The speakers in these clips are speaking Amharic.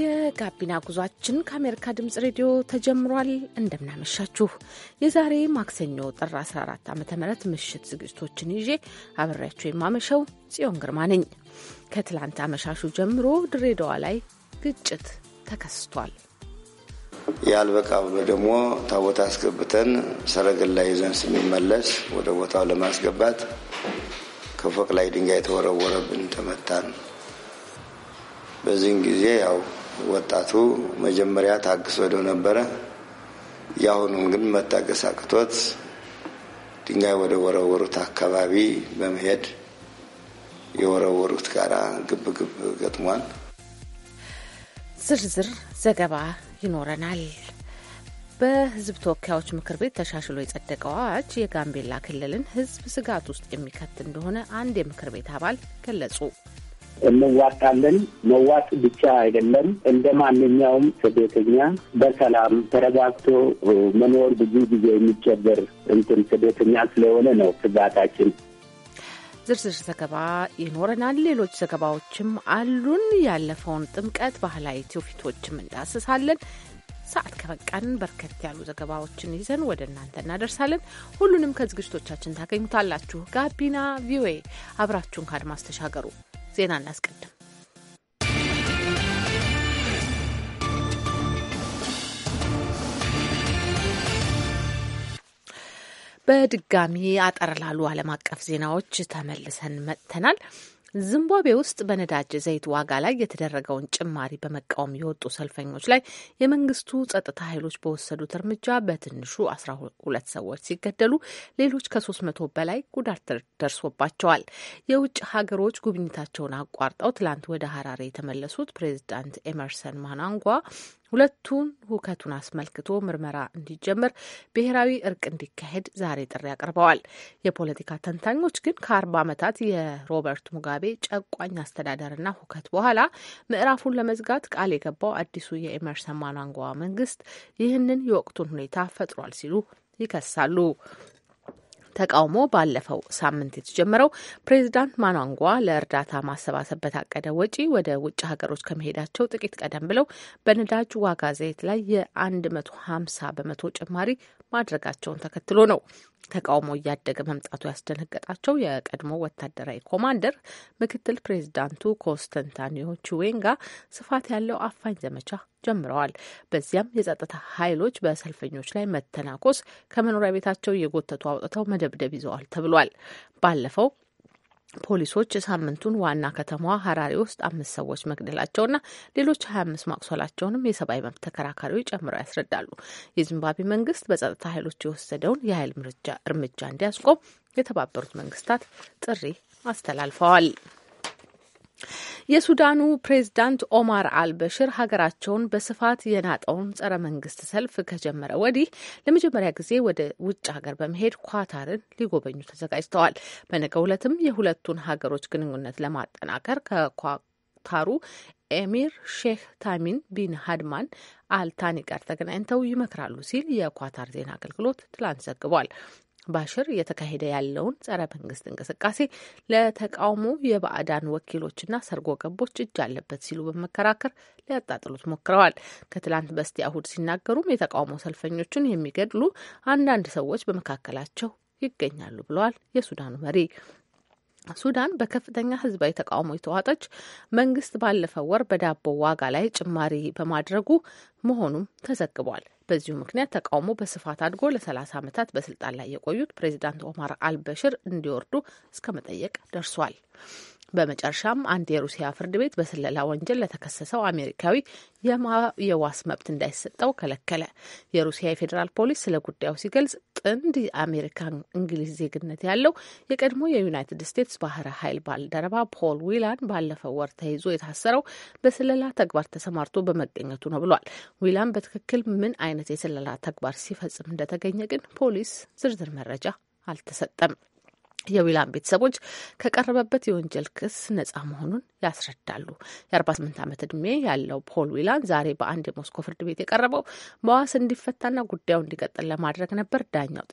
የጋቢና ጉዟችን ከአሜሪካ ድምጽ ሬዲዮ ተጀምሯል። እንደምናመሻችሁ የዛሬ ማክሰኞ ጥር 14 ዓ ም ምሽት ዝግጅቶችን ይዤ አብሬያችሁ የማመሸው ጽዮን ግርማ ነኝ። ከትላንት አመሻሹ ጀምሮ ድሬዳዋ ላይ ግጭት ተከስቷል። ያልበቃ ብሎ ደግሞ ታቦት አስገብተን ሰረገላ ይዘን ስንመለስ ወደ ቦታው ለማስገባት ከፎቅ ላይ ድንጋይ የተወረወረብን ተመታን። በዚህን ጊዜ ያው ወጣቱ መጀመሪያ ታግስ ወደ ነበረ። የአሁኑም ግን መታገስ አቅቶት ድንጋይ ወደ ወረወሩት አካባቢ በመሄድ የወረወሩት ጋር ግብ ግብ ገጥሟል። ዝርዝር ዘገባ ይኖረናል። በህዝብ ተወካዮች ምክር ቤት ተሻሽሎ የጸደቀው አዋጅ የጋምቤላ ክልልን ህዝብ ስጋት ውስጥ የሚከት እንደሆነ አንድ የምክር ቤት አባል ገለጹ። እንዋጣለን። መዋጥ ብቻ አይደለም፣ እንደ ማንኛውም ስደተኛ በሰላም ተረጋግቶ መኖር ብዙ ጊዜ የሚጨበር እንትን ስደተኛ ስለሆነ ነው ስጋታችን። ዝርዝር ዘገባ ይኖረናል። ሌሎች ዘገባዎችም አሉን። ያለፈውን ጥምቀት ባህላዊ ትውፊቶችም እንዳስሳለን። ሰዓት ከፈቀድን በርከት ያሉ ዘገባዎችን ይዘን ወደ እናንተ እናደርሳለን። ሁሉንም ከዝግጅቶቻችን ታገኙታላችሁ። ጋቢና ቪኦኤ፣ አብራችሁን ከአድማስ ተሻገሩ። ዜና እናስቀድም። በድጋሚ አጠር ላሉ ዓለም አቀፍ ዜናዎች ተመልሰን መጥተናል። ዚምባብዌ ውስጥ በነዳጅ ዘይት ዋጋ ላይ የተደረገውን ጭማሪ በመቃወም የወጡ ሰልፈኞች ላይ የመንግስቱ ጸጥታ ኃይሎች በወሰዱት እርምጃ በትንሹ አስራ ሁለት ሰዎች ሲገደሉ ሌሎች ከሶስት መቶ በላይ ጉዳት ደርሶባቸዋል። የውጭ ሀገሮች ጉብኝታቸውን አቋርጠው ትላንት ወደ ሀራሬ የተመለሱት ፕሬዚዳንት ኤመርሰን ማናንጓ ሁለቱን ሁከቱን አስመልክቶ ምርመራ እንዲጀምር ብሔራዊ እርቅ እንዲካሄድ ዛሬ ጥሪ አቅርበዋል። የፖለቲካ ተንታኞች ግን ከአርባ ዓመታት የሮበርት ሙጋቤ ጨቋኝ አስተዳደርና ሁከት በኋላ ምዕራፉን ለመዝጋት ቃል የገባው አዲሱ የኤመርሰን ማናንጓ መንግስት ይህንን የወቅቱን ሁኔታ ፈጥሯል ሲሉ ይከሳሉ። ተቃውሞ ባለፈው ሳምንት የተጀመረው ፕሬዚዳንት ማናንጓ ለእርዳታ ማሰባሰብ በታቀደ ወጪ ወደ ውጭ ሀገሮች ከመሄዳቸው ጥቂት ቀደም ብለው በነዳጅ ዋጋ ዘይት ላይ የ150 በመቶ ጭማሪ ማድረጋቸውን ተከትሎ ነው። ተቃውሞ እያደገ መምጣቱ ያስደነገጣቸው የቀድሞ ወታደራዊ ኮማንደር ምክትል ፕሬዚዳንቱ ኮንስተንታኒዮ ቹዌንጋ ስፋት ያለው አፋኝ ዘመቻ ጀምረዋል። በዚያም የጸጥታ ኃይሎች በሰልፈኞች ላይ መተናኮስ፣ ከመኖሪያ ቤታቸው የጎተቱ አውጥተው መደብደብ ይዘዋል ተብሏል። ባለፈው ፖሊሶች ሳምንቱን ዋና ከተማዋ ሀራሪ ውስጥ አምስት ሰዎች መግደላቸውና ሌሎች ሀያ አምስት ማቁሰላቸውንም የሰብአዊ መብት ተከራካሪዎች ጨምረው ያስረዳሉ። የዚምባብዌ መንግስት በጸጥታ ኃይሎች የወሰደውን የኃይል እርምጃ እንዲያስቆም የተባበሩት መንግስታት ጥሪ አስተላልፈዋል። የሱዳኑ ፕሬዝዳንት ኦማር አልበሽር ሀገራቸውን በስፋት የናጠውን ጸረ መንግስት ሰልፍ ከጀመረ ወዲህ ለመጀመሪያ ጊዜ ወደ ውጭ ሀገር በመሄድ ኳታርን ሊጎበኙ ተዘጋጅተዋል። በነገ ዕለትም የሁለቱን ሀገሮች ግንኙነት ለማጠናከር ከኳታሩ ኤሚር ሼህ ታሚን ቢን ሀድማን አልታኒ ጋር ተገናኝተው ይመክራሉ ሲል የኳታር ዜና አገልግሎት ትላንት ዘግቧል። ባሽር እየተካሄደ ያለውን ጸረ መንግስት እንቅስቃሴ ለተቃውሞ የባዕዳን ወኪሎችና ሰርጎ ገቦች እጅ አለበት ሲሉ በመከራከር ሊያጣጥሉት ሞክረዋል። ከትላንት በስቲያ እሁድ ሲናገሩም የተቃውሞ ሰልፈኞቹን የሚገድሉ አንዳንድ ሰዎች በመካከላቸው ይገኛሉ ብለዋል። የሱዳኑ መሪ ሱዳን በከፍተኛ ህዝባዊ ተቃውሞ የተዋጠች መንግስት ባለፈው ወር በዳቦ ዋጋ ላይ ጭማሪ በማድረጉ መሆኑም ተዘግቧል። በዚሁ ምክንያት ተቃውሞ በስፋት አድጎ ለ30 ዓመታት በስልጣን ላይ የቆዩት ፕሬዚዳንት ኦማር አልበሽር እንዲወርዱ እስከ መጠየቅ ደርሷል። በመጨረሻም አንድ የሩሲያ ፍርድ ቤት በስለላ ወንጀል ለተከሰሰው አሜሪካዊ የዋስ መብት እንዳይሰጠው ከለከለ። የሩሲያ የፌዴራል ፖሊስ ስለ ጉዳዩ ሲገልጽ ጥንድ የአሜሪካን እንግሊዝ ዜግነት ያለው የቀድሞ የዩናይትድ ስቴትስ ባህረ ኃይል ባልደረባ ፖል ዊላን ባለፈው ወር ተይዞ የታሰረው በስለላ ተግባር ተሰማርቶ በመገኘቱ ነው ብሏል። ዊላን በትክክል ምን አይነት የስለላ ተግባር ሲፈጽም እንደተገኘ ግን ፖሊስ ዝርዝር መረጃ አልተሰጠም። የዊላን ቤተሰቦች ከቀረበበት የወንጀል ክስ ነጻ መሆኑን ያስረዳሉ። የ48 ዓመት ዕድሜ ያለው ፖል ዊላን ዛሬ በአንድ የሞስኮ ፍርድ ቤት የቀረበው በዋስ እንዲፈታና ጉዳዩ እንዲቀጥል ለማድረግ ነበር። ዳኛው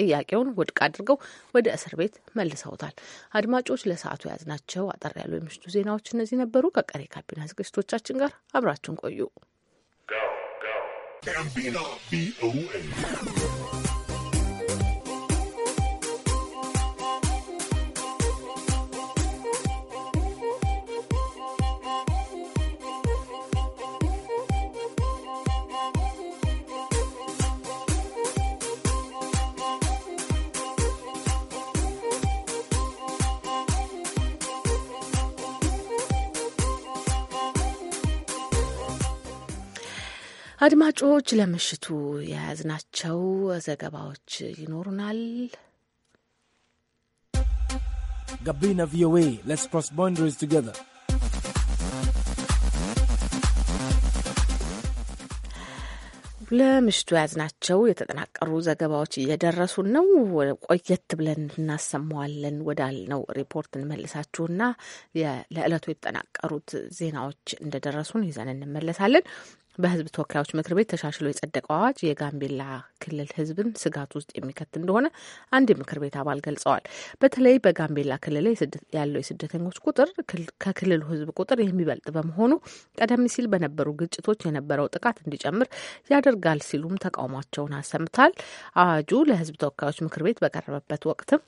ጥያቄውን ውድቅ አድርገው ወደ እስር ቤት መልሰውታል። አድማጮች፣ ለሰዓቱ የያዝናቸው አጠር ያሉ የምሽቱ ዜናዎች እነዚህ ነበሩ። ከቀሪ ካቢና ዝግጅቶቻችን ጋር አብራችሁን ቆዩ። አድማጮች ለምሽቱ የያዝናቸው ዘገባዎች ይኖሩናል። ጋቢና ቪኦኤ ሌትስ ክሮስ ቦንደሪስ ቱጌዘር ለምሽቱ ያዝናቸው የተጠናቀሩ ዘገባዎች እየደረሱን ነው። ቆየት ብለን እናሰማዋለን ወዳልነው ሪፖርት እንመልሳችሁና ለዕለቱ የተጠናቀሩት ዜናዎች እንደደረሱን ይዘን እንመለሳለን። በህዝብ ተወካዮች ምክር ቤት ተሻሽሎ የጸደቀው አዋጅ የጋምቤላ ክልል ህዝብን ስጋት ውስጥ የሚከት እንደሆነ አንድ የምክር ቤት አባል ገልጸዋል። በተለይ በጋምቤላ ክልል ያለው የስደተኞች ቁጥር ከክልሉ ህዝብ ቁጥር የሚበልጥ በመሆኑ ቀደም ሲል በነበሩ ግጭቶች የነበረው ጥቃት እንዲጨምር ያደርጋል ሲሉም ተቃውሟቸውን አሰምታል። አዋጁ ለህዝብ ተወካዮች ምክር ቤት በቀረበበት ወቅትም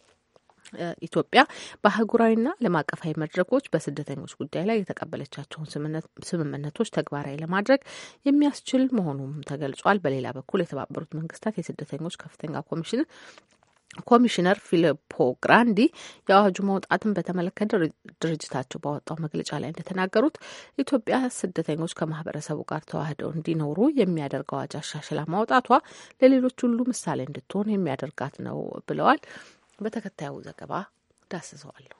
ኢትዮጵያ በአህጉራዊና ዓለም አቀፋዊ መድረኮች በስደተኞች ጉዳይ ላይ የተቀበለቻቸውን ስምምነቶች ተግባራዊ ለማድረግ የሚያስችል መሆኑም ተገልጿል። በሌላ በኩል የተባበሩት መንግስታት የስደተኞች ከፍተኛ ኮሚሽን ኮሚሽነር ፊሊፖ ግራንዲ የአዋጁ መውጣትን በተመለከተ ድርጅታቸው ባወጣው መግለጫ ላይ እንደተናገሩት ኢትዮጵያ ስደተኞች ከማህበረሰቡ ጋር ተዋህደው እንዲኖሩ የሚያደርግ አዋጅ አሻሽላ ማውጣቷ ለሌሎች ሁሉ ምሳሌ እንድትሆን የሚያደርጋት ነው ብለዋል። በተከታዩ ዘገባ ዳስሰዋለሁ።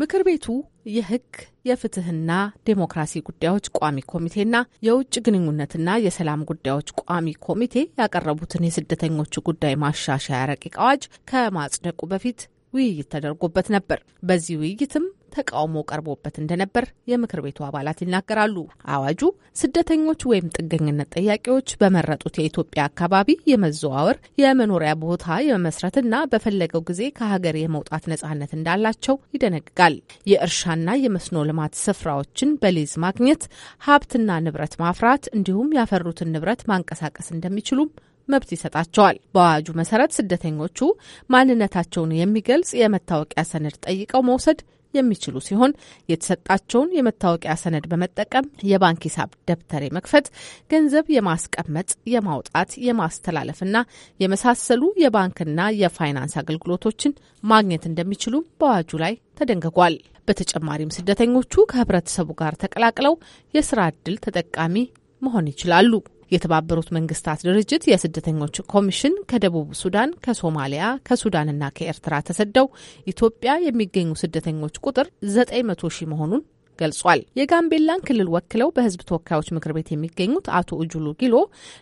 ምክር ቤቱ የሕግ የፍትህና ዴሞክራሲ ጉዳዮች ቋሚ ኮሚቴና የውጭ ግንኙነትና የሰላም ጉዳዮች ቋሚ ኮሚቴ ያቀረቡትን የስደተኞቹ ጉዳይ ማሻሻያ ረቂቅ አዋጅ ከማጽደቁ በፊት ውይይት ተደርጎበት ነበር። በዚህ ውይይትም ተቃውሞ ቀርቦበት እንደነበር የምክር ቤቱ አባላት ይናገራሉ። አዋጁ ስደተኞች ወይም ጥገኝነት ጠያቂዎች በመረጡት የኢትዮጵያ አካባቢ የመዘዋወር የመኖሪያ ቦታ የመመስረትና በፈለገው ጊዜ ከሀገር የመውጣት ነጻነት እንዳላቸው ይደነግጋል። የእርሻና የመስኖ ልማት ስፍራዎችን በሊዝ ማግኘት፣ ሀብትና ንብረት ማፍራት እንዲሁም ያፈሩትን ንብረት ማንቀሳቀስ እንደሚችሉም መብት ይሰጣቸዋል። በአዋጁ መሰረት ስደተኞቹ ማንነታቸውን የሚገልጽ የመታወቂያ ሰነድ ጠይቀው መውሰድ የሚችሉ ሲሆን የተሰጣቸውን የመታወቂያ ሰነድ በመጠቀም የባንክ ሂሳብ ደብተር የመክፈት፣ ገንዘብ የማስቀመጥ፣ የማውጣት፣ የማስተላለፍና የመሳሰሉ የባንክና የፋይናንስ አገልግሎቶችን ማግኘት እንደሚችሉ በአዋጁ ላይ ተደንግጓል። በተጨማሪም ስደተኞቹ ከህብረተሰቡ ጋር ተቀላቅለው የስራ እድል ተጠቃሚ መሆን ይችላሉ። የተባበሩት መንግስታት ድርጅት የስደተኞች ኮሚሽን ከደቡብ ሱዳን፣ ከሶማሊያ፣ ከሱዳንና ከኤርትራ ተሰደው ኢትዮጵያ የሚገኙ ስደተኞች ቁጥር 900 ሺህ መሆኑን ገልጿል። የጋምቤላን ክልል ወክለው በህዝብ ተወካዮች ምክር ቤት የሚገኙት አቶ እጁሉ ጊሎ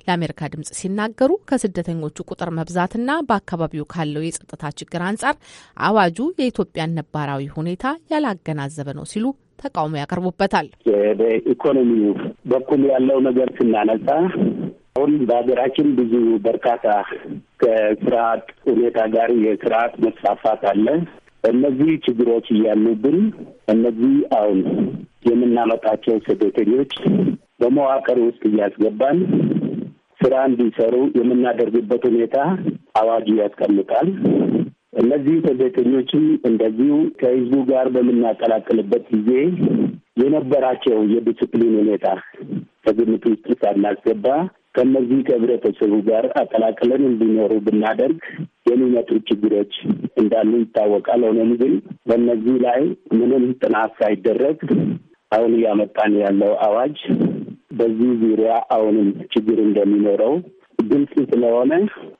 ለአሜሪካ ድምጽ ሲናገሩ ከስደተኞቹ ቁጥር መብዛትና በአካባቢው ካለው የጸጥታ ችግር አንጻር አዋጁ የኢትዮጵያን ነባራዊ ሁኔታ ያላገናዘበ ነው ሲሉ ተቃውሞ ያቀርቡበታል። በኢኮኖሚ በኩል ያለው ነገር ስናነሳ አሁን በሀገራችን ብዙ በርካታ ከስርዓት ሁኔታ ጋር የስርዓት መስፋፋት አለ። እነዚህ ችግሮች እያሉብን እነዚህ አሁን የምናመጣቸው ስደተኞች በመዋቅር ውስጥ እያስገባን ስራ እንዲሰሩ የምናደርግበት ሁኔታ አዋጁ ያስቀምጣል። እነዚህ ስደተኞችም እንደዚሁ ከህዝቡ ጋር በምናቀላቅልበት ጊዜ የነበራቸው የዲስፕሊን ሁኔታ ከግምት ውስጥ ሳናስገባ ከእነዚህ ከህብረተሰቡ ጋር አቀላቅለን እንዲኖሩ ብናደርግ የሚመጡ ችግሮች እንዳሉ ይታወቃል። ሆኖም ግን በእነዚህ ላይ ምንም ጥናት ሳይደረግ አሁን እያመጣን ያለው አዋጅ በዚህ ዙሪያ አሁንም ችግር እንደሚኖረው ግልጽ ስለሆነ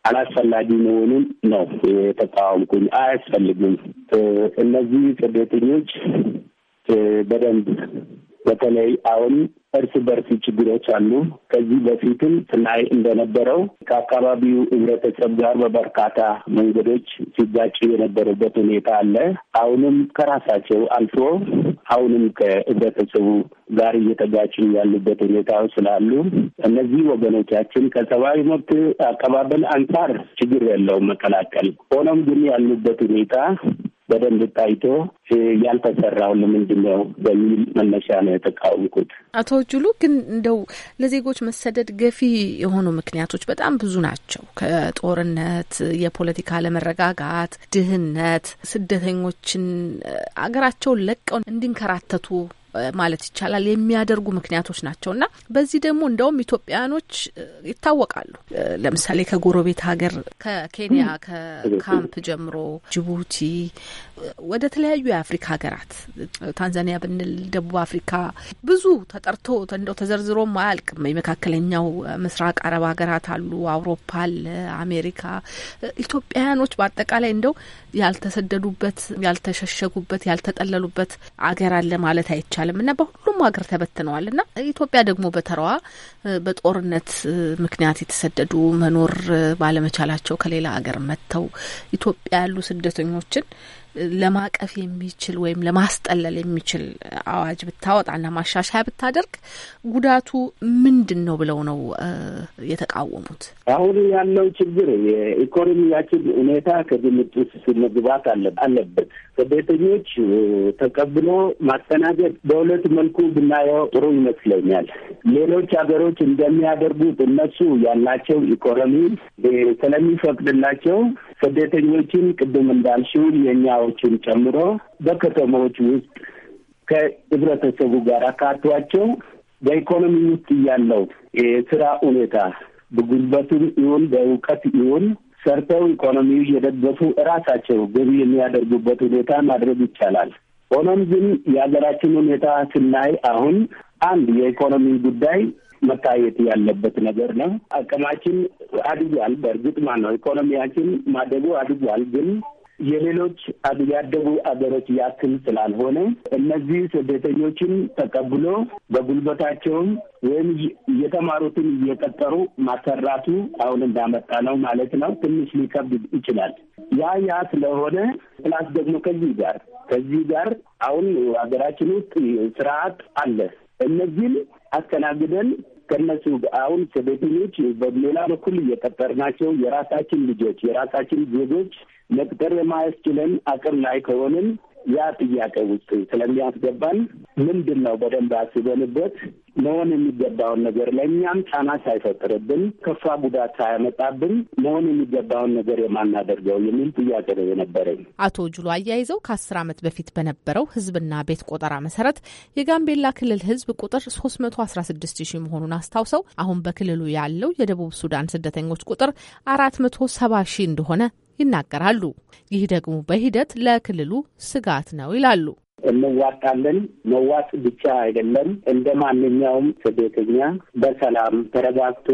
አላስፈላጊ መሆኑን ነው የተቃወምኩኝ። አያስፈልግም። እነዚህ ስደተኞች በደንብ በተለይ አሁን እርስ በርስ ችግሮች አሉ። ከዚህ በፊትም ስናይ እንደነበረው ከአካባቢው ሕብረተሰብ ጋር በበርካታ መንገዶች ሲጋጭ የነበረበት ሁኔታ አለ። አሁንም ከራሳቸው አልፎ አሁንም ከህብረተሰቡ ጋር እየተጋጭን ያሉበት ሁኔታ ስላሉ እነዚህ ወገኖቻችን ከሰብአዊ መብት አቀባበል አንጻር ችግር የለውም መቀላቀል። ሆኖም ግን ያሉበት ሁኔታ በደንብ ታይቶ ያልተሰራው ለምንድን ነው በሚል መነሻ ነው የተቃወምኩት። አቶ ጁሉ ግን እንደው ለዜጎች መሰደድ ገፊ የሆኑ ምክንያቶች በጣም ብዙ ናቸው። ከጦርነት፣ የፖለቲካ አለመረጋጋት፣ ድህነት፣ ስደተኞችን አገራቸውን ለቀው እንዲንከራተቱ ማለት ይቻላል የሚያደርጉ ምክንያቶች ናቸውና በዚህ ደግሞ እንደውም ኢትዮጵያኖች ይታወቃሉ። ለምሳሌ ከጎረቤት ሀገር ከኬንያ ከካምፕ ጀምሮ ጅቡቲ፣ ወደ ተለያዩ የአፍሪካ ሀገራት ታንዛኒያ ብንል ደቡብ አፍሪካ ብዙ ተጠርቶ እንደው ተዘርዝሮም አያልቅም። የመካከለኛው ምስራቅ አረብ ሀገራት አሉ፣ አውሮፓ አለ፣ አሜሪካ ኢትዮጵያውያኖች በአጠቃላይ እንደው ያልተሰደዱበት ያልተሸሸጉበት ያልተጠለሉበት አገር አለ ማለት አይቻልም። አልቻለም እና በሁሉም ሀገር ተበትነዋል እና ኢትዮጵያ ደግሞ በተራዋ በጦርነት ምክንያት የተሰደዱ መኖር ባለመቻላቸው ከሌላ ሀገር መጥተው ኢትዮጵያ ያሉ ስደተኞችን ለማቀፍ የሚችል ወይም ለማስጠለል የሚችል አዋጅ ብታወጣና ማሻሻያ ብታደርግ ጉዳቱ ምንድን ነው ብለው ነው የተቃወሙት። አሁን ያለው ችግር የኢኮኖሚያችን ሁኔታ ከግምት ውስጥ መግባት አለበት። ስደተኞች ተቀብሎ ማስተናገድ በሁለት መልኩ ብናየው ጥሩ ይመስለኛል። ሌሎች ሀገሮች እንደሚያደርጉት እነሱ ያላቸው ኢኮኖሚ ስለሚፈቅድላቸው ስደተኞችን ቅድም እንዳልሽው የእኛዎችን ጨምሮ በከተሞች ውስጥ ከህብረተሰቡ ጋር አካቷቸው በኢኮኖሚ ውስጥ ያለው የስራ ሁኔታ በጉልበቱም ይሁን በእውቀት ይሁን ሰርተው ኢኮኖሚ እየደገፉ እራሳቸው ገቢ የሚያደርጉበት ሁኔታ ማድረግ ይቻላል። ሆኖም ግን የሀገራችን ሁኔታ ስናይ አሁን አንድ የኢኮኖሚ ጉዳይ መታየት ያለበት ነገር ነው። አቅማችን አድጓል፣ በእርግጥ ማ ነው ኢኮኖሚያችን ማደጉ አድጓል። ግን የሌሎች ያደጉ አገሮች ያክል ስላልሆነ እነዚህ ስደተኞችን ተቀብሎ በጉልበታቸውም ወይም እየተማሩትን እየቀጠሩ ማሰራቱ አሁን እንዳመጣ ነው ማለት ነው። ትንሽ ሊከብድ ይችላል። ያ ያ ስለሆነ ፕላስ ደግሞ ከዚህ ጋር ከዚህ ጋር አሁን ሀገራችን ውስጥ ስርዓት አለ። እነዚህም አስተናግደን ከነሱ አሁን ስደተኞች በሌላ በኩል ናቸው የራሳችን ልጆች የራሳችን ዜጎች መቅጠር የማያስችለን አቅም ላይ ከሆንን ያ ጥያቄ ውስጥ ስለሚያስገባን ምንድን ነው በደንብ አስበንበት መሆን የሚገባውን ነገር ለእኛም ጫና ሳይፈጥርብን ከፋ ጉዳት ሳያመጣብን መሆን የሚገባውን ነገር የማናደርገው የሚል ጥያቄ ነው የነበረኝ። አቶ ጁሎ አያይዘው ከአስር ዓመት በፊት በነበረው ሕዝብና ቤት ቆጠራ መሰረት የጋምቤላ ክልል ሕዝብ ቁጥር ሶስት መቶ አስራ ስድስት ሺህ መሆኑን አስታውሰው አሁን በክልሉ ያለው የደቡብ ሱዳን ስደተኞች ቁጥር አራት መቶ ሰባ ሺህ እንደሆነ ይናገራሉ። ይህ ደግሞ በሂደት ለክልሉ ስጋት ነው ይላሉ። እንዋጣለን። መዋጥ ብቻ አይደለም፣ እንደ ማንኛውም ስደተኛ በሰላም ተረጋግቶ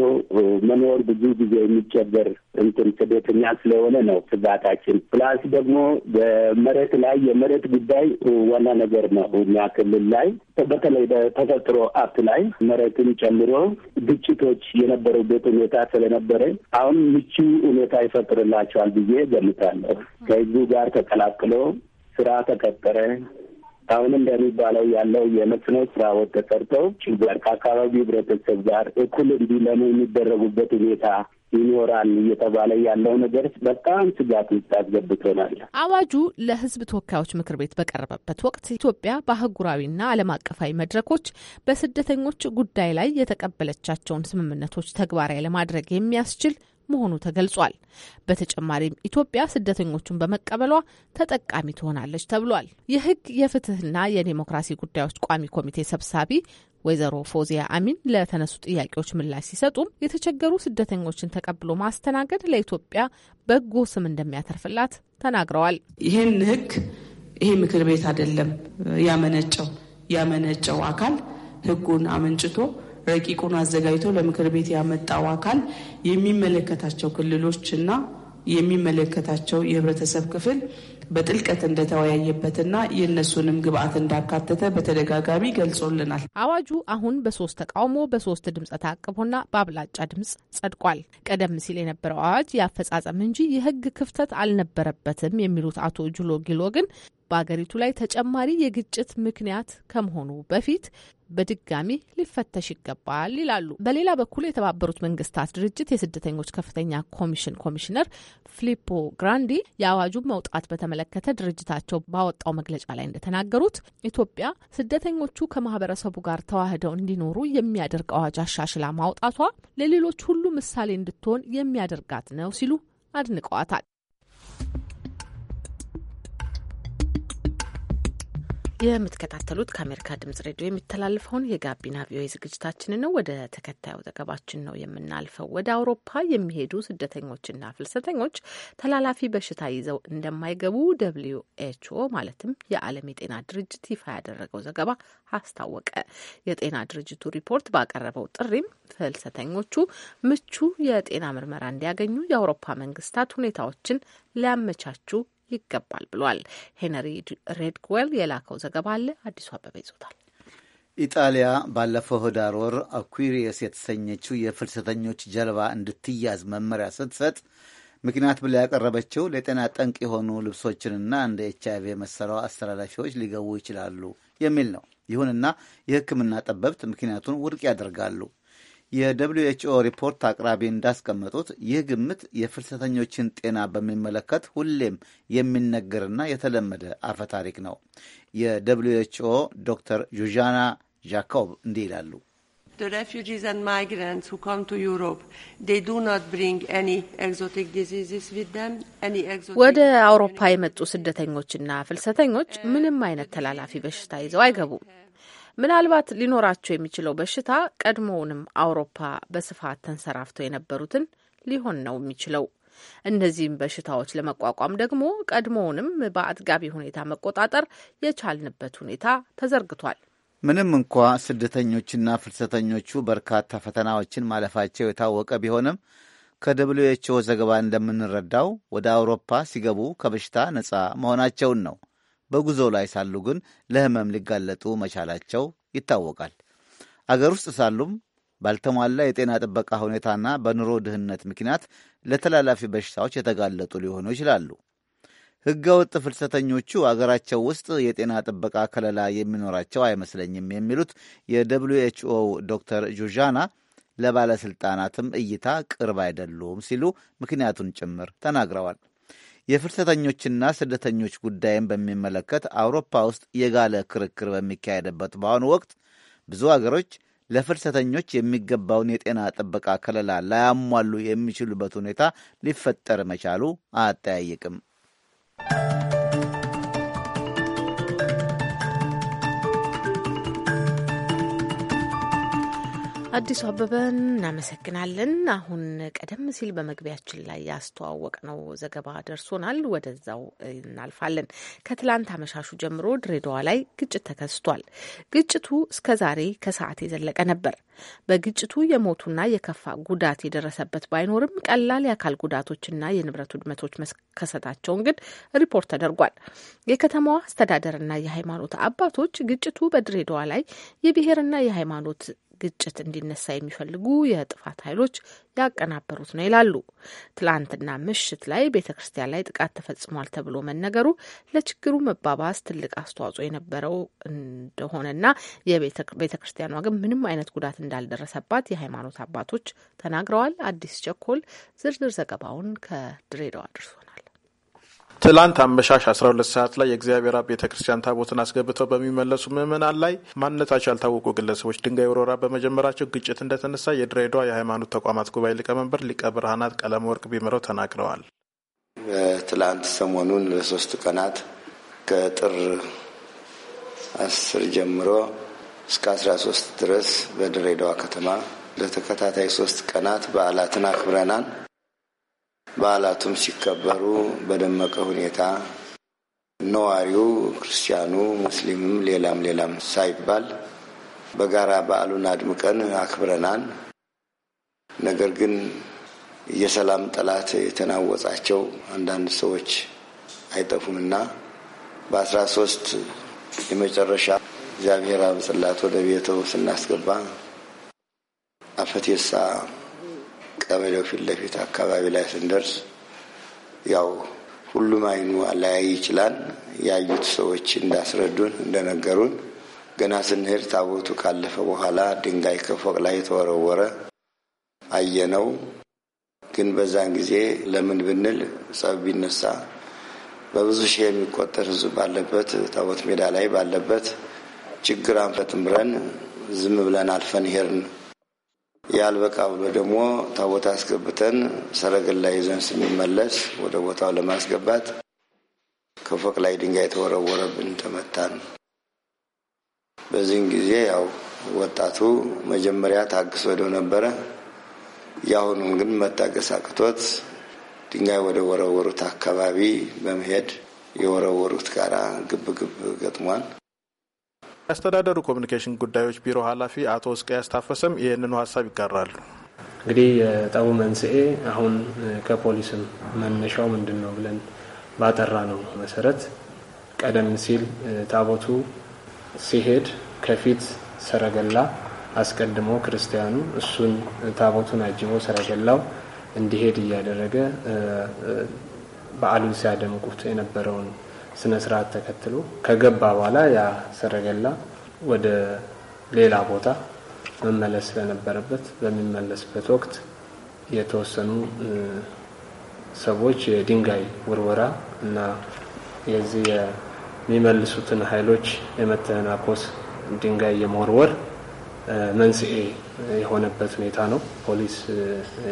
መኖር ብዙ ጊዜ የሚቸገር እንትን ስደተኛ ስለሆነ ነው ስጋታችን። ፕላስ ደግሞ በመሬት ላይ የመሬት ጉዳይ ዋና ነገር ነው። እኛ ክልል ላይ በተለይ በተፈጥሮ ሀብት ላይ መሬትን ጨምሮ ግጭቶች የነበሩበት ሁኔታ ስለነበረ አሁን ምቹ ሁኔታ ይፈጥርላቸዋል ብዬ ገምታለሁ። ከህዝቡ ጋር ተቀላቅሎ ስራ ተቀጠረ አሁን እንደሚባለው ያለው የመስኖ ስራዎች ተሰርተው ከአካባቢ ህብረተሰብ ጋር እኩል እንዲለሙ የሚደረጉበት ሁኔታ ይኖራል እየተባለ ያለው ነገር በጣም ስጋት ውስጥ አስገብቶናል። አዋጁ ለህዝብ ተወካዮች ምክር ቤት በቀረበበት ወቅት ኢትዮጵያ በአህጉራዊና ዓለም አቀፋዊ መድረኮች በስደተኞች ጉዳይ ላይ የተቀበለቻቸውን ስምምነቶች ተግባራዊ ለማድረግ የሚያስችል መሆኑ ተገልጿል። በተጨማሪም ኢትዮጵያ ስደተኞቹን በመቀበሏ ተጠቃሚ ትሆናለች ተብሏል። የህግ የፍትህና የዴሞክራሲ ጉዳዮች ቋሚ ኮሚቴ ሰብሳቢ ወይዘሮ ፎዚያ አሚን ለተነሱ ጥያቄዎች ምላሽ ሲሰጡም የተቸገሩ ስደተኞችን ተቀብሎ ማስተናገድ ለኢትዮጵያ በጎ ስም እንደሚያተርፍላት ተናግረዋል። ይህን ህግ ይሄ ምክር ቤት አይደለም ያመነጨው ያመነጨው አካል ህጉን አመንጭቶ ረቂቁን አዘጋጅቶ ለምክር ቤት ያመጣው አካል የሚመለከታቸው ክልሎችና የሚመለከታቸው የህብረተሰብ ክፍል በጥልቀት እንደተወያየበትና የእነሱንም ግብአት እንዳካተተ በተደጋጋሚ ገልጾልናል። አዋጁ አሁን በሶስት ተቃውሞ በሶስት ድምፅ ታቅቦና በአብላጫ ድምፅ ጸድቋል። ቀደም ሲል የነበረው አዋጅ የአፈጻጸም እንጂ የህግ ክፍተት አልነበረበትም የሚሉት አቶ ጁሎ ጊሎ ግን በአገሪቱ ላይ ተጨማሪ የግጭት ምክንያት ከመሆኑ በፊት በድጋሚ ሊፈተሽ ይገባል ይላሉ። በሌላ በኩል የተባበሩት መንግስታት ድርጅት የስደተኞች ከፍተኛ ኮሚሽን ኮሚሽነር ፊሊፖ ግራንዲ የአዋጁን መውጣት በተመለከተ ድርጅታቸው ባወጣው መግለጫ ላይ እንደተናገሩት ኢትዮጵያ ስደተኞቹ ከማህበረሰቡ ጋር ተዋህደው እንዲኖሩ የሚያደርግ አዋጅ አሻሽላ ማውጣቷ ለሌሎች ሁሉ ምሳሌ እንድትሆን የሚያደርጋት ነው ሲሉ አድንቀዋታል። የምትከታተሉት ከአሜሪካ ድምጽ ሬዲዮ የሚተላለፈውን የጋቢና ቪኦኤ ዝግጅታችን ነው። ወደ ተከታዩ ዘገባችን ነው የምናልፈው። ወደ አውሮፓ የሚሄዱ ስደተኞችና ፍልሰተኞች ተላላፊ በሽታ ይዘው እንደማይገቡ ደብልዩ ኤችኦ ማለትም የዓለም የጤና ድርጅት ይፋ ያደረገው ዘገባ አስታወቀ። የጤና ድርጅቱ ሪፖርት ባቀረበው ጥሪም ፍልሰተኞቹ ምቹ የጤና ምርመራ እንዲያገኙ የአውሮፓ መንግስታት ሁኔታዎችን ሊያመቻቹ ይገባል ብሏል። ሄነሪ ሬድግዌል የላከው ዘገባ አለ፣ አዲሱ አበበ ይዞታል። ኢጣሊያ ባለፈው ህዳር ወር አኩሪየስ የተሰኘችው የፍልሰተኞች ጀልባ እንድትያዝ መመሪያ ስትሰጥ ምክንያት ብላ ያቀረበችው ለጤና ጠንቅ የሆኑ ልብሶችንና እንደ ኤች አይቪ መሰለው አስተላላፊዎች ሊገቡ ይችላሉ የሚል ነው። ይሁንና የሕክምና ጠበብት ምክንያቱን ውድቅ ያደርጋሉ። የደብሊው ኤችኦ ሪፖርት አቅራቢ እንዳስቀመጡት ይህ ግምት የፍልሰተኞችን ጤና በሚመለከት ሁሌም የሚነገርና የተለመደ አፈ ታሪክ ነው። የደብሊው ኤችኦ ዶክተር ዡዣና ጃኮብ እንዲህ ይላሉ። ወደ አውሮፓ የመጡ ስደተኞችና ፍልሰተኞች ምንም አይነት ተላላፊ በሽታ ይዘው አይገቡም። ምናልባት ሊኖራቸው የሚችለው በሽታ ቀድሞውንም አውሮፓ በስፋት ተንሰራፍቶ የነበሩትን ሊሆን ነው የሚችለው። እነዚህም በሽታዎች ለመቋቋም ደግሞ ቀድሞውንም በአጥጋቢ ሁኔታ መቆጣጠር የቻልንበት ሁኔታ ተዘርግቷል። ምንም እንኳ ስደተኞችና ፍልሰተኞቹ በርካታ ፈተናዎችን ማለፋቸው የታወቀ ቢሆንም ከደብሊው ኤች ኦ ዘገባ እንደምንረዳው ወደ አውሮፓ ሲገቡ ከበሽታ ነፃ መሆናቸውን ነው። በጉዞ ላይ ሳሉ ግን ለህመም ሊጋለጡ መቻላቸው ይታወቃል። አገር ውስጥ ሳሉም ባልተሟላ የጤና ጥበቃ ሁኔታና በኑሮ ድህነት ምክንያት ለተላላፊ በሽታዎች የተጋለጡ ሊሆኑ ይችላሉ። ሕገ ወጥ ፍልሰተኞቹ አገራቸው ውስጥ የጤና ጥበቃ ከለላ የሚኖራቸው አይመስለኝም የሚሉት የደብሊዩ ኤች ዶክተር ጁዣና ለባለሥልጣናትም እይታ ቅርብ አይደሉም ሲሉ ምክንያቱን ጭምር ተናግረዋል። የፍልሰተኞችና ስደተኞች ጉዳይን በሚመለከት አውሮፓ ውስጥ የጋለ ክርክር በሚካሄድበት በአሁኑ ወቅት ብዙ አገሮች ለፍልሰተኞች የሚገባውን የጤና ጥበቃ ከለላ ላያሟሉ የሚችሉበት ሁኔታ ሊፈጠር መቻሉ አያጠያይቅም። አዲሱ አበበን እናመሰግናለን። አሁን ቀደም ሲል በመግቢያችን ላይ ነው ዘገባ ደርሶናል። ወደዛው እናልፋለን። ከትላንት አመሻሹ ጀምሮ ድሬዳዋ ላይ ግጭት ተከስቷል። ግጭቱ እስከ ዛሬ ከሰዓት የዘለቀ ነበር። በግጭቱ የሞቱና የከፋ ጉዳት የደረሰበት ባይኖርም ቀላል የአካል ጉዳቶችና የንብረት ውድመቶች መከሰታቸውን ግን ሪፖርት ተደርጓል። የከተማዋ አስተዳደርና የሃይማኖት አባቶች ግጭቱ በድሬዳዋ ላይ የብሔርና የሃይማኖት ግጭት እንዲነሳ የሚፈልጉ የጥፋት ኃይሎች ያቀናበሩት ነው ይላሉ። ትላንትና ምሽት ላይ ቤተ ክርስቲያን ላይ ጥቃት ተፈጽሟል ተብሎ መነገሩ ለችግሩ መባባስ ትልቅ አስተዋጽኦ የነበረው እንደሆነና የቤተ ክርስቲያኗ ግን ምንም አይነት ጉዳት እንዳልደረሰባት የሃይማኖት አባቶች ተናግረዋል። አዲስ ቸኮል ዝርዝር ዘገባውን ከድሬዳዋ አድርሶናል። ትላንት አመሻሽ 12 ሰዓት ላይ የእግዚአብሔር አብ ቤተ ክርስቲያን ታቦትን አስገብተው በሚመለሱ ምዕመናን ላይ ማንነታቸው ያልታወቁ ግለሰቦች ድንጋይ ወረራ በመጀመራቸው ግጭት እንደተነሳ የድሬዳዋ የሃይማኖት ተቋማት ጉባኤ ሊቀመንበር ሊቀ ብርሃናት ቀለም ወርቅ ቢምረው ተናግረዋል። ትላንት ሰሞኑን ለሶስት ቀናት ከጥር አስር ጀምሮ እስከ 13 ድረስ በድሬዳዋ ከተማ ለተከታታይ ሶስት ቀናት በዓላትን አክብረናል። በዓላቱም ሲከበሩ በደመቀ ሁኔታ ነዋሪው ክርስቲያኑ፣ ሙስሊምም፣ ሌላም ሌላም ሳይባል በጋራ በዓሉን አድምቀን አክብረናል። ነገር ግን የሰላም ጠላት የተናወጻቸው አንዳንድ ሰዎች አይጠፉምና በአስራ ሶስት የመጨረሻ እግዚአብሔር አብ ጽላት ወደ ቤተው ስናስገባ አፈቴሳ ቀበሌው ፊት ለፊት አካባቢ ላይ ስንደርስ ያው ሁሉም አይኑ አለያይ ይችላል። ያዩት ሰዎች እንዳስረዱን እንደነገሩን ገና ስንሄድ ታቦቱ ካለፈ በኋላ ድንጋይ ከፎቅ ላይ የተወረወረ አየነው። ግን በዛን ጊዜ ለምን ብንል ጸብ ቢነሳ በብዙ ሺህ የሚቆጠር ሕዝብ ባለበት ታቦት ሜዳ ላይ ባለበት ችግር አንፈጥም ብለን ዝም ብለን አልፈን ሄርን። ያልበቃ ብሎ ደግሞ ታቦታ አስገብተን ሰረገላ ይዘን ስንመለስ ወደ ቦታው ለማስገባት ከፎቅ ላይ ድንጋይ ተወረወረብን፣ ተመታን። በዚህን ጊዜ ያው ወጣቱ መጀመሪያ ታግሶ ወደ ነበረ። የአሁኑን ግን መታገስ አቅቶት ድንጋይ ወደ ወረወሩት አካባቢ በመሄድ የወረወሩት ጋራ ግብ ግብ ገጥሟል። የአስተዳደሩ ኮሚኒኬሽን ጉዳዮች ቢሮ ኃላፊ አቶ እስቀያስ ታፈሰም ይህንኑ ሀሳብ ይጋራሉ። እንግዲህ የጠቡ መንስኤ አሁን ከፖሊስም መነሻው ምንድን ነው ብለን ባጠራ ነው መሰረት ቀደም ሲል ታቦቱ ሲሄድ ከፊት ሰረገላ አስቀድሞ ክርስቲያኑ እሱን ታቦቱን አጅቦ ሰረገላው እንዲሄድ እያደረገ በዓሉን ሲያደምቁት የነበረውን ስነ ስርዓት ተከትሎ ከገባ በኋላ ያ ሰረገላ ወደ ሌላ ቦታ መመለስ ስለነበረበት በሚመለስበት ወቅት የተወሰኑ ሰዎች የድንጋይ ውርወራ እና የዚህ የሚመልሱትን ኃይሎች የመተናኮስ ድንጋይ የመወርወር መንስኤ የሆነበት ሁኔታ ነው ፖሊስ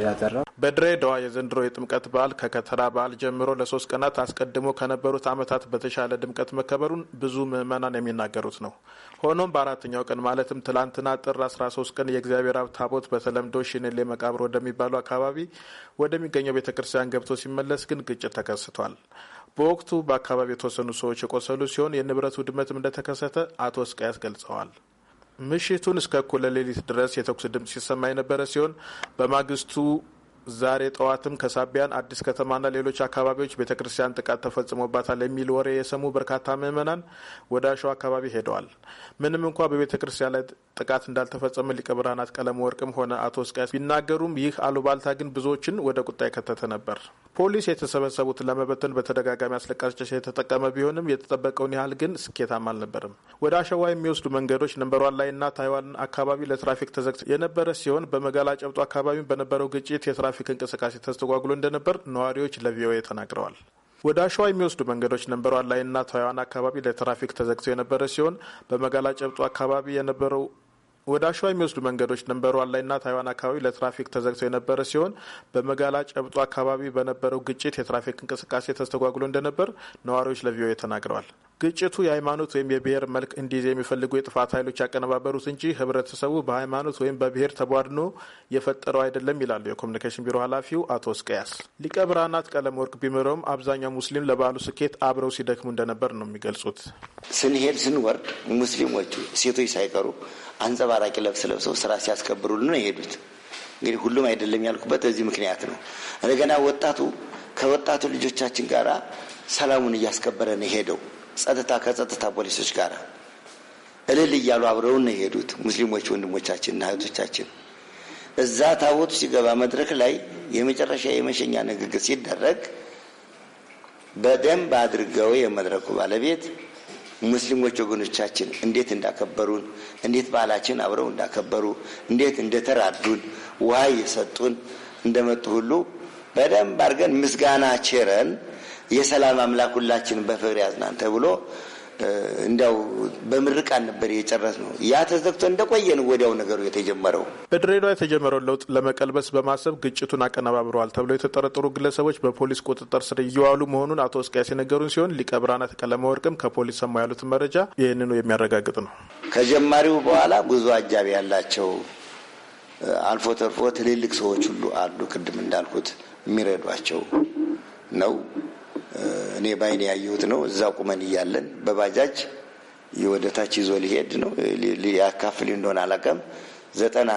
ያጠራ። በድሬዳዋ የዘንድሮ የጥምቀት በዓል ከከተራ በዓል ጀምሮ ለሶስት ቀናት አስቀድሞ ከነበሩት ዓመታት በተሻለ ድምቀት መከበሩን ብዙ ምዕመናን የሚናገሩት ነው። ሆኖም በአራተኛው ቀን ማለትም ትላንትና ጥር 13 ቀን የእግዚአብሔር አብ ታቦት በተለምዶ ሽኔሌ መቃብር ወደሚባሉ አካባቢ ወደሚገኘው ቤተ ክርስቲያን ገብቶ ሲመለስ ግን ግጭት ተከስቷል። በወቅቱ በአካባቢው የተወሰኑ ሰዎች የቆሰሉ ሲሆን የንብረት ውድመትም እንደተከሰተ አቶ እስቃያስ ገልጸዋል። ምሽቱን እስከ እኩለ ሌሊት ድረስ የተኩስ ድምፅ ሲሰማ የነበረ ሲሆን በማግስቱ ዛሬ ጠዋትም ከሳቢያን አዲስ ከተማና ሌሎች አካባቢዎች ቤተ ክርስቲያን ጥቃት ተፈጽሞባታል የሚል ወሬ የሰሙ በርካታ ምዕመናን ወደ አሸዋ አካባቢ ሄደዋል። ምንም እንኳ በቤተ ክርስቲያን ላይ ጥቃት እንዳልተፈጸመ ሊቀ ብርሃናት ቀለም ወርቅም ሆነ አቶ እስቃያስ ቢናገሩም ይህ አሉባልታ ግን ብዙዎችን ወደ ቁጣ የከተተ ነበር። ፖሊስ የተሰበሰቡትን ለመበተን በተደጋጋሚ አስለቃሽ ጭስ የተጠቀመ ቢሆንም የተጠበቀውን ያህል ግን ስኬታም አልነበርም። ወደ አሸዋ የሚወስዱ መንገዶች ነንበሯን ላይና ታይዋን አካባቢ ለትራፊክ ተዘግተው የነበረ ሲሆን በመጋላ ጨብጦ አካባቢ በነበረው ግጭት የትራፊክ የትራፊክ እንቅስቃሴ ተስተጓጉሎ እንደነበር ነዋሪዎች ለቪኦኤ ተናግረዋል። ወደ አሸዋ የሚወስዱ መንገዶች ነንበሯል ላይና ታይዋን አካባቢ ለትራፊክ ተዘግተው የነበረ ሲሆን በመጋላ ጨብጦ አካባቢ የነበረው ወደ አሸዋ የሚወስዱ መንገዶች ነንበሯል ላይና ታይዋን አካባቢ ለትራፊክ ተዘግተው የነበረ ሲሆን በመጋላ ጨብጦ አካባቢ በነበረው ግጭት የትራፊክ እንቅስቃሴ ተስተጓጉሎ እንደነበር ነዋሪዎች ለቪኦኤ ተናግረዋል። ግጭቱ የሃይማኖት ወይም የብሔር መልክ እንዲይዝ የሚፈልጉ የጥፋት ኃይሎች ያቀነባበሩት እንጂ ህብረተሰቡ በሃይማኖት ወይም በብሔር ተቧድኖ የፈጠረው አይደለም ይላሉ የኮሚኒኬሽን ቢሮ ኃላፊው አቶ እስቀያስ። ሊቀ ብርሃናት ቀለም ወርቅ ቢምረውም አብዛኛው ሙስሊም ለበዓሉ ስኬት አብረው ሲደክሙ እንደነበር ነው የሚገልጹት። ስንሄድ ስንወርድ ሙስሊሞቹ ሴቶች ሳይቀሩ አንጸባራቂ ለብስ ለብሰው ስራ ሲያስከብሩልን ነው የሄዱት። እንግዲህ ሁሉም አይደለም ያልኩበት በዚህ ምክንያት ነው። እንደገና ወጣቱ ከወጣቱ ልጆቻችን ጋራ ሰላሙን እያስከበረ ነው የሄደው ጸጥታ ከጸጥታ ፖሊሶች ጋር እልል እያሉ አብረውን ነው የሄዱት ሙስሊሞች ወንድሞቻችንና እህቶቻችን። እዛ ታቦቱ ሲገባ መድረክ ላይ የመጨረሻ የመሸኛ ንግግር ሲደረግ በደንብ አድርገው የመድረኩ ባለቤት ሙስሊሞች ወገኖቻችን እንዴት እንዳከበሩን፣ እንዴት ባህላችን አብረው እንዳከበሩ፣ እንዴት እንደተራዱን፣ ውሃ እየሰጡን እንደመጡ ሁሉ በደንብ አድርገን ምስጋና ችረን። የሰላም አምላክ ሁላችን በፍቅር ያዝናን ተብሎ እንዲያው በምርቃ ነበር የጨረስ ነው። ያ ተዘግቶ እንደቆየን ወዲያው ነገሩ የተጀመረው በድሬዳዋ የተጀመረውን ለውጥ ለመቀልበስ በማሰብ ግጭቱን አቀነባብረዋል ተብለው የተጠረጠሩ ግለሰቦች በፖሊስ ቁጥጥር ስር እየዋሉ መሆኑን አቶ እስቅያስ የነገሩን ሲሆን ሊቀ ብርሃናት ቀለመወርቅም ከፖሊስ ሰማ ያሉትን መረጃ ይህንኑ የሚያረጋግጥ ነው። ከጀማሪው በኋላ ጉዞ አጃቢ ያላቸው አልፎ ተርፎ ትልልቅ ሰዎች ሁሉ አሉ። ቅድም እንዳልኩት የሚረዷቸው ነው እኔ ባይን ያየሁት ነው። እዛ ቁመን እያለን በባጃጅ ወደታች ይዞ ሊሄድ ነው ሊያካፍል እንደሆነ አላውቅም። ዘጠና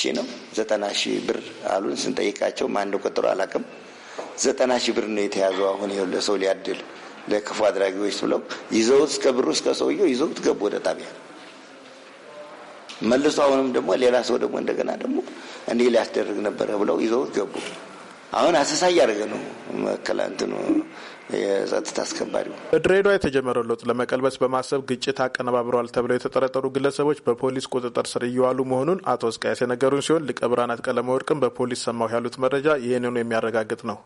ሺህ ነው ዘጠና ሺህ ብር አሉን። ስንጠይቃቸው ማን ቆጥሮ አላውቅም። ዘጠና ሺህ ብር ነው የተያዘው። አሁን ይኸው ለሰው ሊያድል ለክፉ አድራጊዎች ብለው ይዘውት እስከ ብሩ እስከ ሰውየው ይዘውት ገቡ ወደ ጣቢያ መልሶ አሁንም ደግሞ ሌላ ሰው ደግሞ እንደገና ደግሞ እንዲህ ሊያስደርግ ነበረ ብለው ይዘውት ገቡ። አሁን አሰሳ እያደረገ ነው መከላንትኑ የጸጥታ አስከባሪ። በድሬዳዋ የተጀመረው ለውጥ ለመቀልበስ በማሰብ ግጭት አቀነባብረዋል ተብለው የተጠረጠሩ ግለሰቦች በፖሊስ ቁጥጥር ስር እየዋሉ መሆኑን አቶ እስቃያስ የነገሩን ሲሆን ሊቀ ብርሃናት ቀለመ በፖሊስ ሰማሁ ያሉት መረጃ ይህንኑ የሚያረጋግጥ ነው።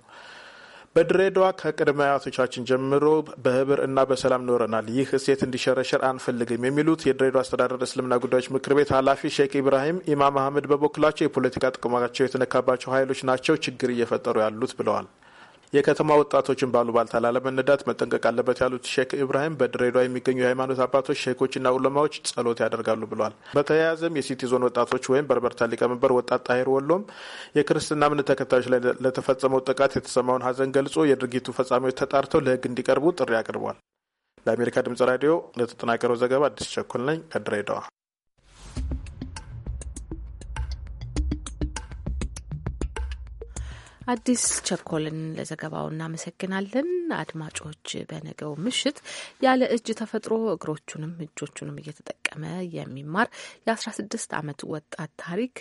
በድሬዳዋ ከቅድመ አያቶቻችን ጀምሮ በህብር እና በሰላም ኖረናል። ይህ እሴት እንዲሸረሸር አንፈልግም የሚሉት የድሬዳዋ አስተዳደር እስልምና ጉዳዮች ምክር ቤት ኃላፊ ሼክ ኢብራሂም ኢማም አህመድ በበኩላቸው የፖለቲካ ጥቅማቸው የተነካባቸው ኃይሎች ናቸው ችግር እየፈጠሩ ያሉት ብለዋል። የከተማ ወጣቶችን ባልታ ላለመነዳት መጠንቀቅ አለበት ያሉት ሼክ ኢብራሂም በድሬዳዋ የሚገኙ የሃይማኖት አባቶች፣ ሼኮችና ኡለማዎች ጸሎት ያደርጋሉ ብለዋል። በተያያዘም የሲቲ ዞን ወጣቶች ወይም በርበርታ ሊቀመንበር ወጣት ጣሄር ወሎም የክርስትና እምነት ተከታዮች ላይ ለተፈጸመው ጥቃት የተሰማውን ሀዘን ገልጾ የድርጊቱ ፈጻሚዎች ተጣርተው ለህግ እንዲቀርቡ ጥሪ አቅርቧል። ለአሜሪካ ድምጽ ራዲዮ ለተጠናቀረው ዘገባ አዲስ ቸኮል ነኝ ከድሬዳዋ። አዲስ ቸኮልን ለዘገባው እናመሰግናለን። አድማጮች፣ በነገው ምሽት ያለ እጅ ተፈጥሮ እግሮቹንም እጆቹንም እየተጠቀመ የሚማር የ16 ዓመት ወጣት ታሪክ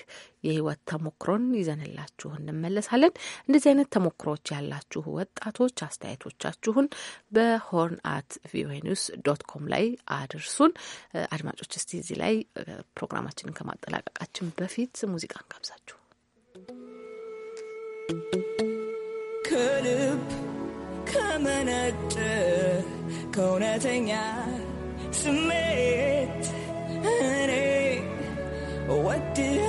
የህይወት ተሞክሮን ይዘንላችሁ እንመለሳለን። እንደዚህ አይነት ተሞክሮዎች ያላችሁ ወጣቶች አስተያየቶቻችሁን በሆርን አት ቪኦኤ ኒውስ ዶት ኮም ላይ አድርሱን። አድማጮች፣ እስቲ እዚህ ላይ ፕሮግራማችንን ከማጠላቀቃችን በፊት ሙዚቃን ጋብዛችሁ ከልብ ከመነጨ ከእውነተኛ ስሜት እኔ ወድያ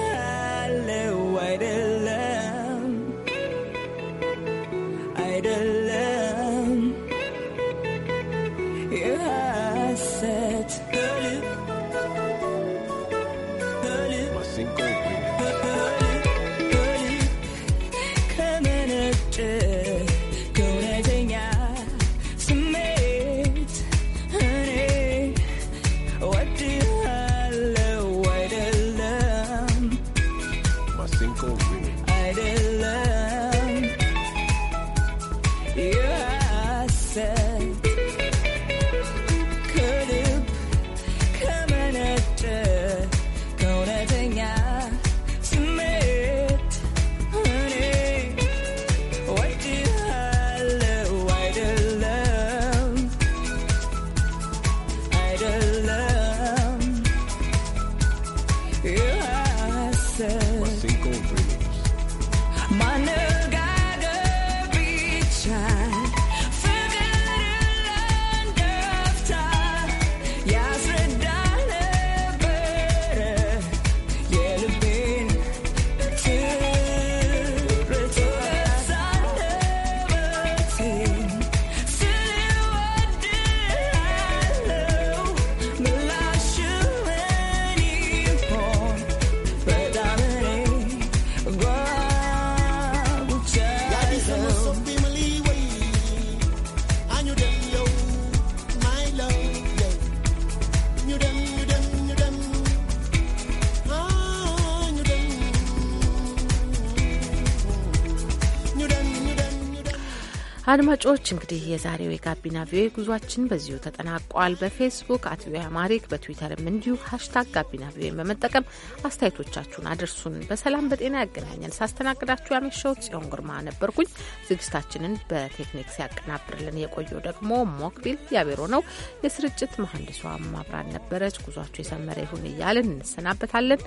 አድማጮች እንግዲህ የዛሬው የጋቢና ቪኦኤ ጉዟችን በዚሁ ተጠናቋል። በፌስቡክ አት ቪኦኤ አማሪክ በትዊተርም እንዲሁ ሀሽታግ ጋቢና ቪኦኤን በመጠቀም አስተያየቶቻችሁን አድርሱን። በሰላም በጤና ያገናኘን። ሳስተናግዳችሁ ያመሸሁት ጽዮን ግርማ ነበርኩኝ። ዝግጅታችንን በቴክኒክ ሲያቀናብርልን የቆየው ደግሞ ሞክቢል ያቤሮ ነው። የስርጭት መሀንዲሷ ማብራን ነበረች። ጉዟችሁ የሰመረ ይሁን እያልን እንሰናበታለን።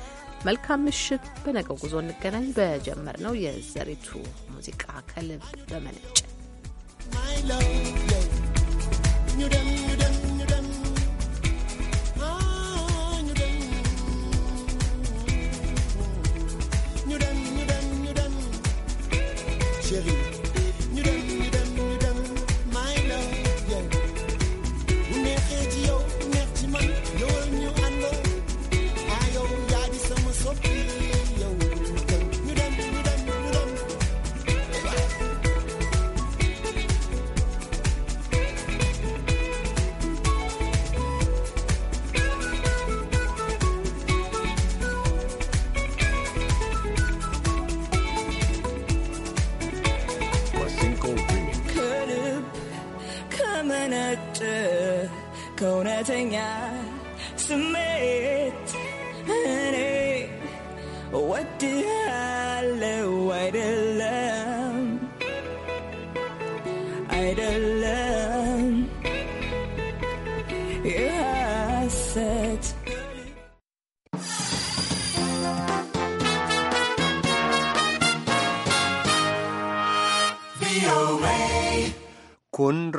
መልካም ምሽት። በነገው ጉዞ እንገናኝ። በጀመርነው የዘሪቱ ሙዚቃ ከልብ በመነጭ my love, yeah. You them, you them.